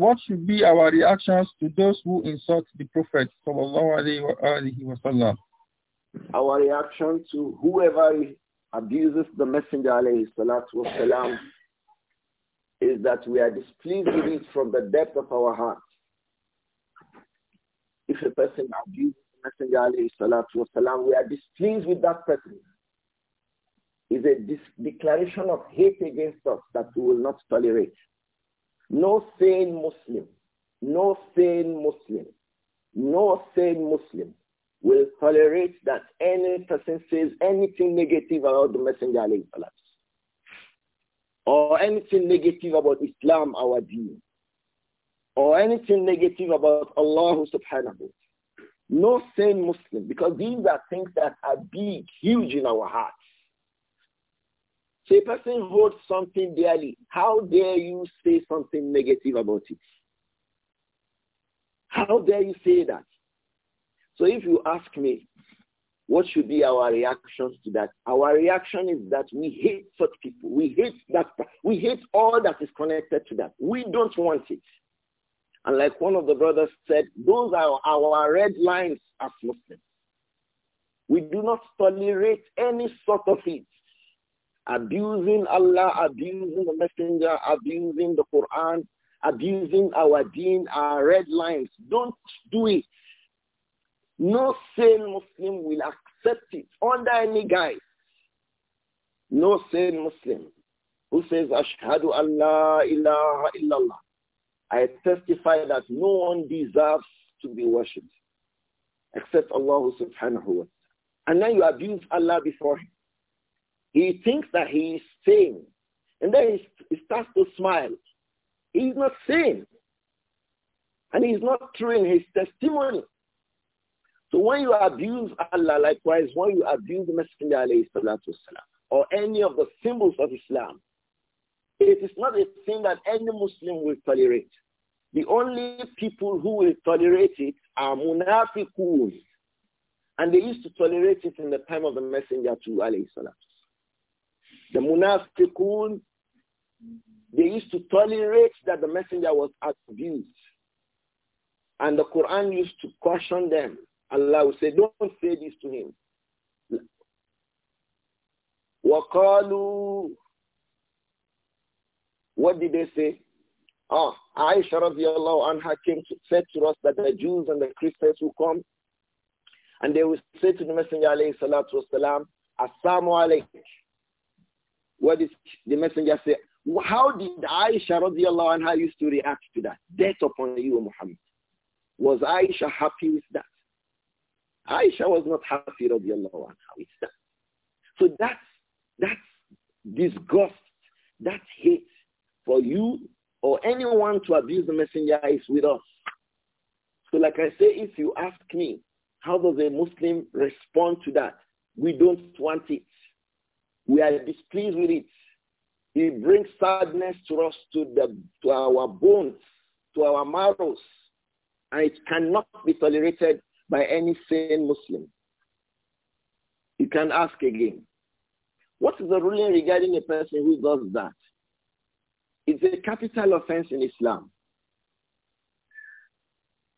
what should be our reactions to those who insult the Prophet sallallahu Our reaction to whoever abuses the Messenger alayhi wasalam is that we are displeased with it from the depth of our heart. If a person abuses the Messenger alayhi wasalam, we are displeased with that person. It's a declaration of hate against us that we will not tolerate. No sane Muslim, no sane Muslim, no sane Muslim will tolerate that any person says anything negative about the Messenger of Allah or anything negative about Islam, our deen, or anything negative about Allah subhanahu. No sane Muslim, because these are things that are big, huge in our heart. So a person holds something dearly. How dare you say something negative about it? How dare you say that? So if you ask me, what should be our reactions to that? Our reaction is that we hate such people. We hate that. We hate all that is connected to that. We don't want it. And like one of the brothers said, those are our red lines as Muslims. We do not tolerate any sort of it abusing Allah, abusing the messenger, abusing the Quran, abusing our deen, our red lines. Don't do it. No sane Muslim will accept it under any guise. No sane Muslim who says, Ashhadu Allah ilaha illallah. I testify that no one deserves to be worshipped except Allah subhanahu wa ta'ala. And then you abuse Allah before him. He thinks that he is sane. And then he, starts to smile. He's not sane. And he's not true in his testimony. So when you abuse Allah, likewise, when you abuse the Messenger والسلام, or any of the symbols of Islam, it is not a thing that any Muslim will tolerate. The only people who will tolerate it are munafiqun. And they used to tolerate it in the time of the Messenger to Allah. The munafiqun, they used to tolerate that the messenger was abused. And the Quran used to caution them. Allah would say, don't say this to him. وقالوا What did they say? Ah, oh, Aisha radiallahu anha came to, said to us that the Jews and the Christians will come and they will say to the Messenger alayhi salatu wasalam, Assalamu alaykum. What did the messenger say? How did Aisha radiallahu anha used to react to that? Death upon you, Muhammad. Was Aisha happy with that? Aisha was not happy radiallahu anha with that. So that's, that's disgust, that hate for you or anyone to abuse the messenger is with us. So like I say, if you ask me, how does a Muslim respond to that? We don't want it. We are displeased with it. It brings sadness to us, to, the, to our bones, to our marrows. And it cannot be tolerated by any sane Muslim. You can ask again. What is the ruling regarding a person who does that? It's a capital offense in Islam.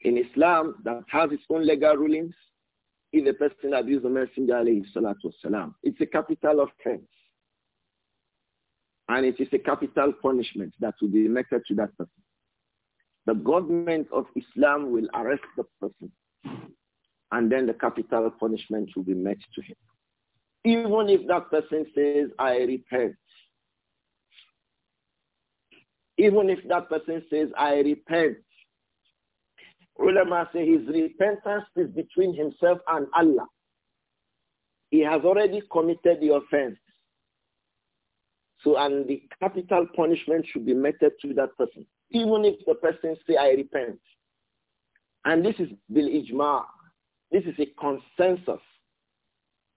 In Islam that has its own legal rulings, if a person abuses the messenger, of Allah it's a capital offense. And it is a capital punishment that will be meted to that person. The government of Islam will arrest the person. And then the capital punishment will be met to him. Even if that person says, I repent. Even if that person says, I repent Ulama say his repentance is between himself and Allah. He has already committed the offense. So, and the capital punishment should be meted to that person, even if the person say, I repent. And this is bil ijma. This is a consensus.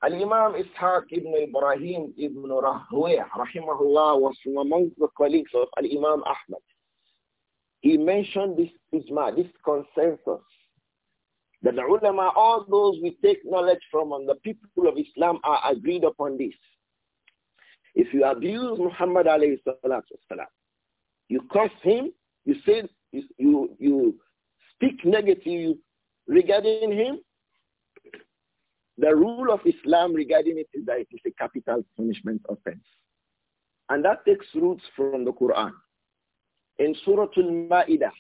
Al-Imam Ishaq ibn Ibrahim ibn Rahweh, rahimahullah, was from among the colleagues of Al-Imam Ahmad. He mentioned this isma, this consensus. That the ulama, all those we take knowledge from and the people of Islam are agreed upon this. If you abuse Muhammad alayhi salatu you curse him, you say, you, you speak negative regarding him, the rule of Islam regarding it is that it is a capital punishment offense. And that takes roots from the Quran. In Surah Al-Ma'idah,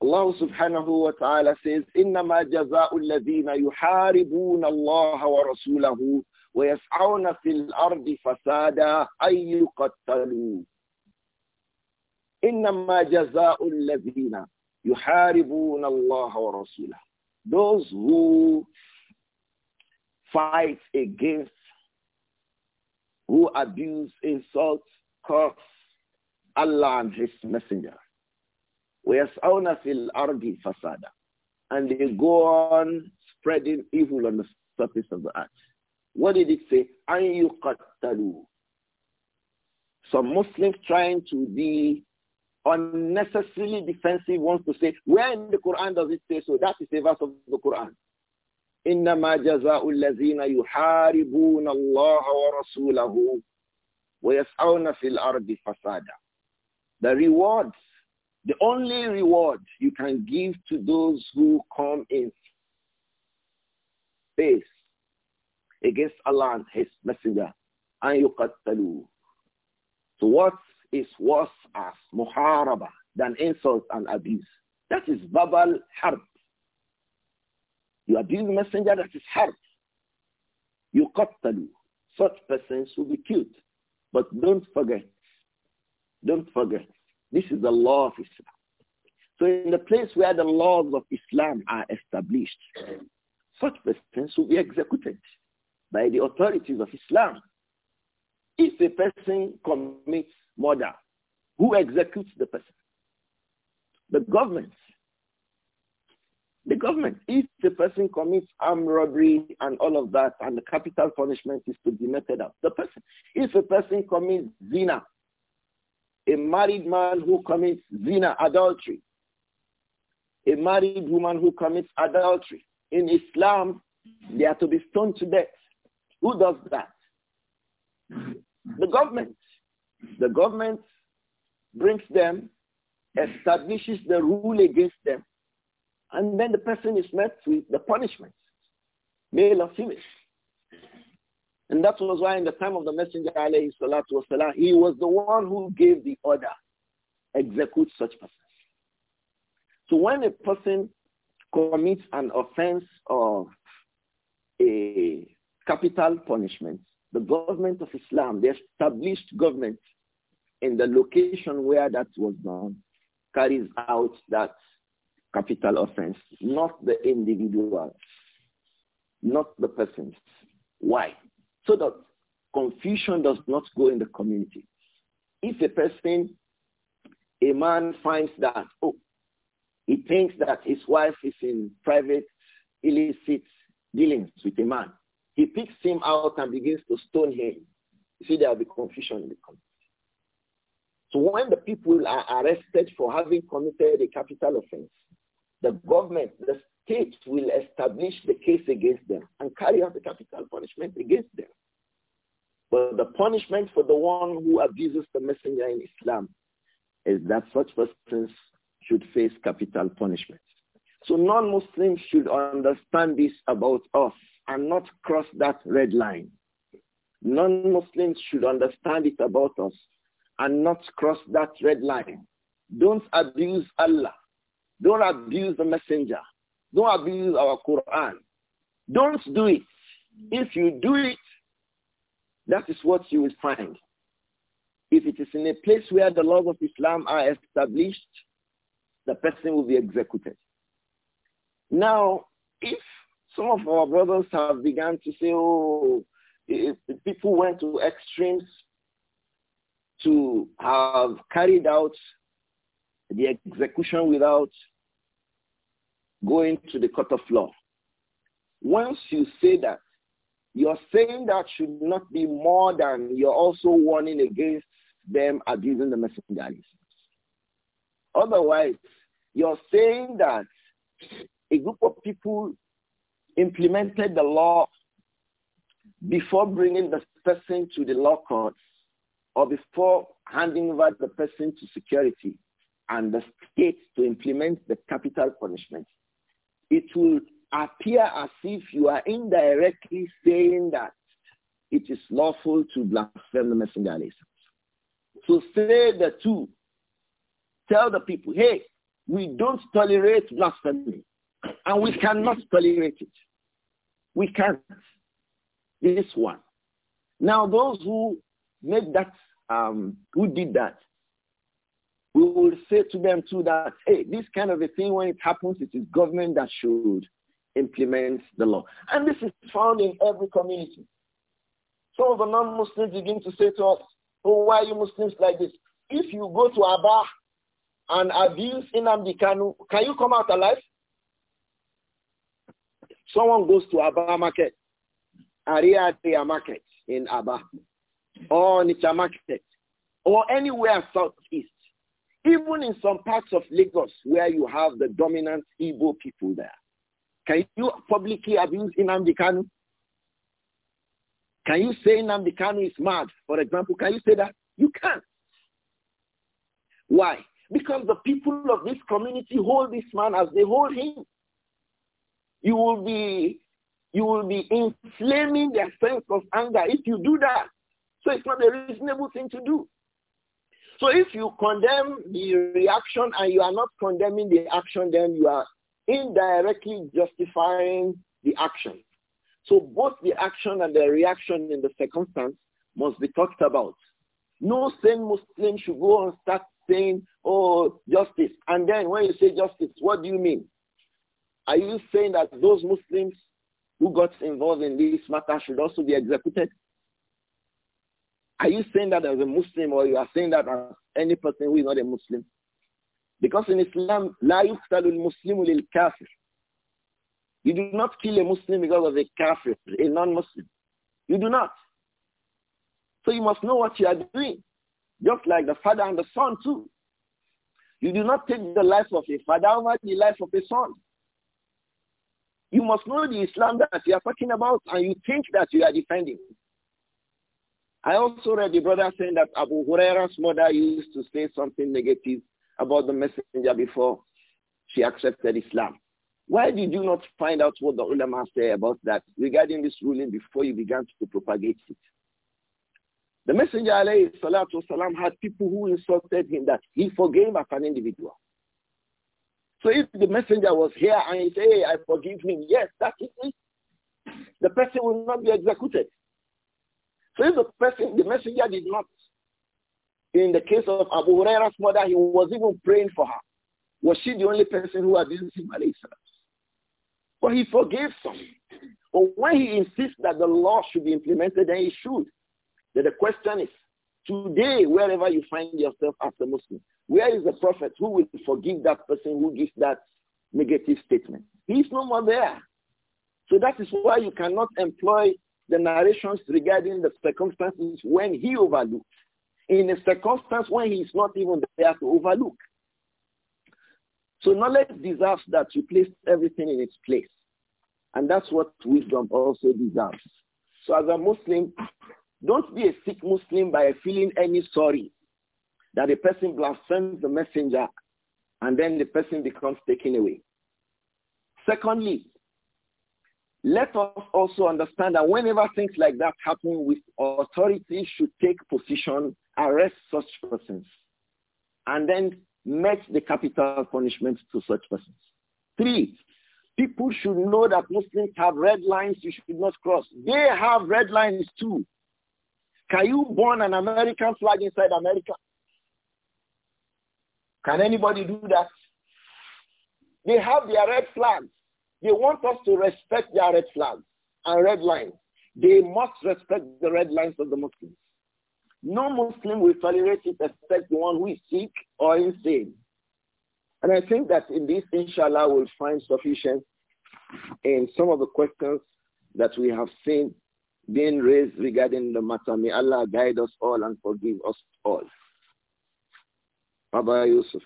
Allah subhanahu wa ta'ala says, إِنَّمَا جَزَاءُ الَّذِينَ يُحَارِبُونَ اللَّهَ وَرَسُولَهُ وَيَسْعَوْنَ فِي الْأَرْضِ فَسَادًا أَن يُقَتَّلُوا إِنَّمَا جَزَاءُ الَّذِينَ يُحَارِبُونَ اللَّهَ وَرَسُولَهُ Those who fight against, who abuse, insult, curse, Allah and His Messenger. وَيَسْعَوْنَ فِي الْأَرْضِ fasada. And they go on spreading evil on the surface of the earth. What did it say? أَنْ يُقَتَّلُوا Some Muslims trying to be unnecessarily defensive wants to say, where in the Quran does it say so? That is the verse of the Quran. إنما جزاء الذين يحاربون الله ورسوله ويسعون في الأرض فسادا the rewards, the only reward you can give to those who come in face against Allah and His Messenger, and you yuqattalu. So what is worse as muharaba than insult and abuse? That is verbal harb. You abuse the messenger, that is harb. You qattalu. Such persons will be killed. But don't forget, don't forget. This is the law of Islam. So in the place where the laws of Islam are established, such persons will be executed by the authorities of Islam. If a person commits murder, who executes the person? The government. The government. If the person commits armed robbery and all of that, and the capital punishment is to be meted out, the person. If a person commits zina, a married man who commits zina, adultery. A married woman who commits adultery. In Islam, they are to be stoned to death. Who does that? The government. The government brings them, establishes the rule against them, and then the person is met with the punishment, male or female. And that was why in the time of the Messenger, alayhi he was the one who gave the order, execute such persons. So when a person commits an offense of a capital punishment, the government of Islam, the established government in the location where that was done, carries out that capital offense, not the individual, not the persons. Why? so that confusion does not go in the community. If a person, a man finds that, oh, he thinks that his wife is in private illicit dealings with a man. He picks him out and begins to stone him. You see, there will be confusion in the community. So when the people are arrested for having committed a capital offense, the government, the states will establish the case against them and carry out the capital punishment against them. But the punishment for the one who abuses the messenger in Islam is that such persons should face capital punishment. So non-Muslims should understand this about us and not cross that red line. Non-Muslims should understand it about us and not cross that red line. Don't abuse Allah. Don't abuse the messenger. Don't abuse our Quran. Don't do it. If you do it, that is what you will find. If it is in a place where the laws of Islam are established, the person will be executed. Now, if some of our brothers have begun to say, oh, people went to extremes to have carried out the execution without going to the court of law. Once you say that, you're saying that should not be more than you're also warning against them abusing the messenger. Otherwise, you're saying that a group of people implemented the law before bringing the person to the law courts or before handing over the person to security and the state to implement the capital punishment it will appear as if you are indirectly saying that it is lawful to blaspheme the messenger. So say the two. Tell the people, hey, we don't tolerate blasphemy and we cannot tolerate it. We can't. This one. Now those who made that, um, who did that, we will say to them too that, hey, this kind of a thing, when it happens, it is government that should implement the law. And this is found in every community. Some of the non-Muslims begin to say to us, oh, why are you Muslims like this? If you go to Abba and abuse Inamdi Kanu, can you come out alive? Someone goes to Abba market, Ariadea market in Abba, or Nicha market, or anywhere southeast even in some parts of Lagos where you have the dominant Igbo people there, can you publicly abuse Nnamdi Kanu? Can you say Nnamdi Kanu is mad, for example? Can you say that? You can't. Why? Because the people of this community hold this man as they hold him. You will be, you will be inflaming their sense of anger if you do that. So it's not a reasonable thing to do. So if you condemn the reaction and you are not condemning the action, then you are indirectly justifying the action. So both the action and the reaction in the circumstance must be talked about. No sane Muslim should go and start saying, oh, justice. And then when you say justice, what do you mean? Are you saying that those Muslims who got involved in this matter should also be executed? Are you saying that as a Muslim or you are saying that as any person who is not a Muslim? Because in Islam, la yuqtalul muslimu lil kafir. You do not kill a Muslim because of a kafir, a non-Muslim. You do not. So you must know what you are doing. Just like the father and the son too. You do not take the life of a father over the life of a son. You must know the Islam that you are talking about and you think that you are defending. I also read the brother saying that Abu Huraira's mother used to say something negative about the messenger before she accepted Islam. Why did you not find out what the ulama say about that regarding this ruling before you began to propagate it? The messenger alayhi salatu salam had people who insulted him that he forgave as an individual. So if the messenger was here and he say, hey, I forgive him, yes, that is it. The person will not be executed. So the person, the messenger did not, in the case of Abu Huraira's mother, he was even praying for her. Was she the only person who had abused him? But he forgave some. But when he insists that the law should be implemented, then he should. Then the question is, today, wherever you find yourself as a Muslim, where is the prophet who will forgive that person who gives that negative statement? He is no more there. So that is why you cannot employ the narrations regarding the circumstances when he overlooked, in a circumstance when he is not even there to overlook. So knowledge deserves that you place everything in its place. And that's what wisdom also deserves. So as a Muslim, don't be a sick Muslim by feeling any sorry that a person blasphemes the messenger and then the person becomes taken away. Secondly, let us also understand that whenever things like that happen, with authorities should take position, arrest such persons, and then met the capital punishment to such persons. Three, people should know that Muslims have red lines you should not cross. They have red lines too. Can you burn an American flag inside America? Can anybody do that? They have their red flags. They want us to respect their red flags and red lines. They must respect the red lines of the Muslims. No Muslim will tolerate it except the one who is sick or insane. And I think that in this, inshallah, we'll find sufficient in some of the questions that we have seen being raised regarding the matter. May Allah guide us all and forgive us all. Baba Yusuf.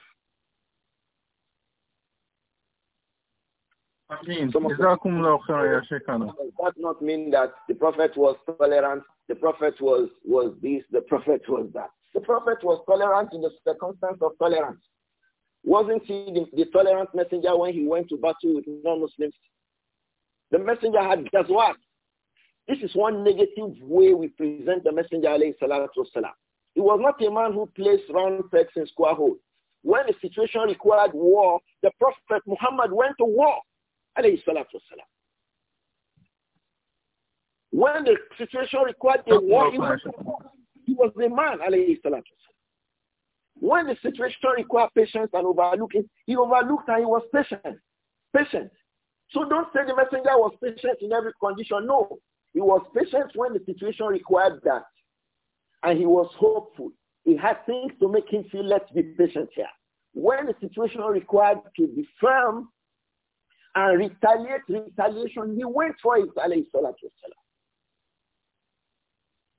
Does that not mean that the Prophet was tolerant, the Prophet was, was this, the Prophet was that? The Prophet was tolerant in the circumstance of tolerance. Wasn't he the, the tolerant messenger when he went to battle with non-Muslims? The messenger had just what? This is one negative way we present the messenger alayhi He was not a man who placed round pegs in square holes. When the situation required war, the Prophet Muhammad went to war alayhi salatu wasalam. When the situation required a war, he was, the man, alayhi salatu wasalam. When the situation required patience and overlooking, he overlooked and he was patient. Patient. So don't say the messenger was patient in every condition. No, he was patient when the situation required that. And he was hopeful. He had things to make him feel, let's be patient here. When the situation required to be firm, and retaliate retaliation. He went for it, alayhi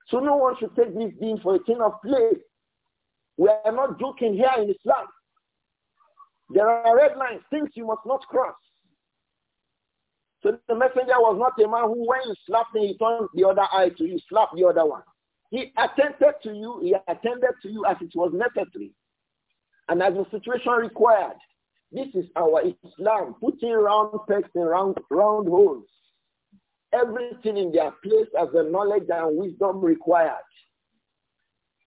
So no one should take this being for a thing of play. We are not joking here in Islam. There are red lines, things you must not cross. So the messenger was not a man who when you slapped him, he turned the other eye to you, slapped the other one. He attended to you, he attended to you as it was necessary and as the situation required. This is our Islam, putting round pegs in round, round holes. Everything in their place as the knowledge and wisdom required.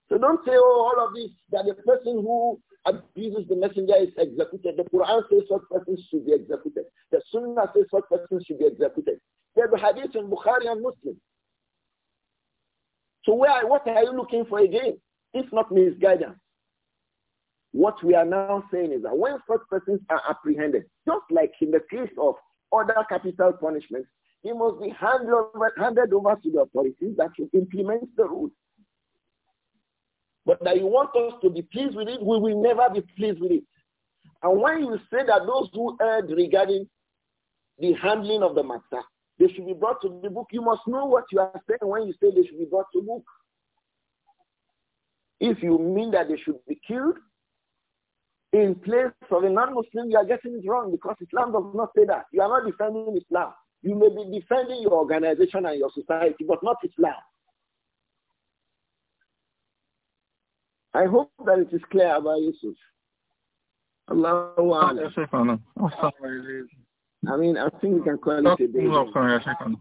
So don't say, oh, all of this, that the person who abuses the messenger is executed. The Quran says such persons should be executed. The Sunnah says such persons should be executed. There's a hadith in Bukhari and Muslim. So where, what are you looking for again, if not misguidance? What we are now saying is that when such persons are apprehended, just like in the case of other capital punishments, he must be handed over, handed over to the authorities that should implement the rules. But that you want us to be pleased with it, we will never be pleased with it. And when you say that those who erred regarding the handling of the matter, they should be brought to the book, you must know what you are saying when you say they should be brought to book. If you mean that they should be killed, in place of a non-Muslim, you are getting it wrong because Islam does not say that. You are not defending Islam. You may be defending your organization and your society, but not Islam. I hope that it is clear about Yusuf. Allahu Akbar. I mean, I think we can call it a day.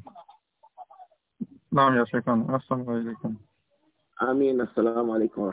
نعم يا شيخنا السلام عليكم آمين السلام عليكم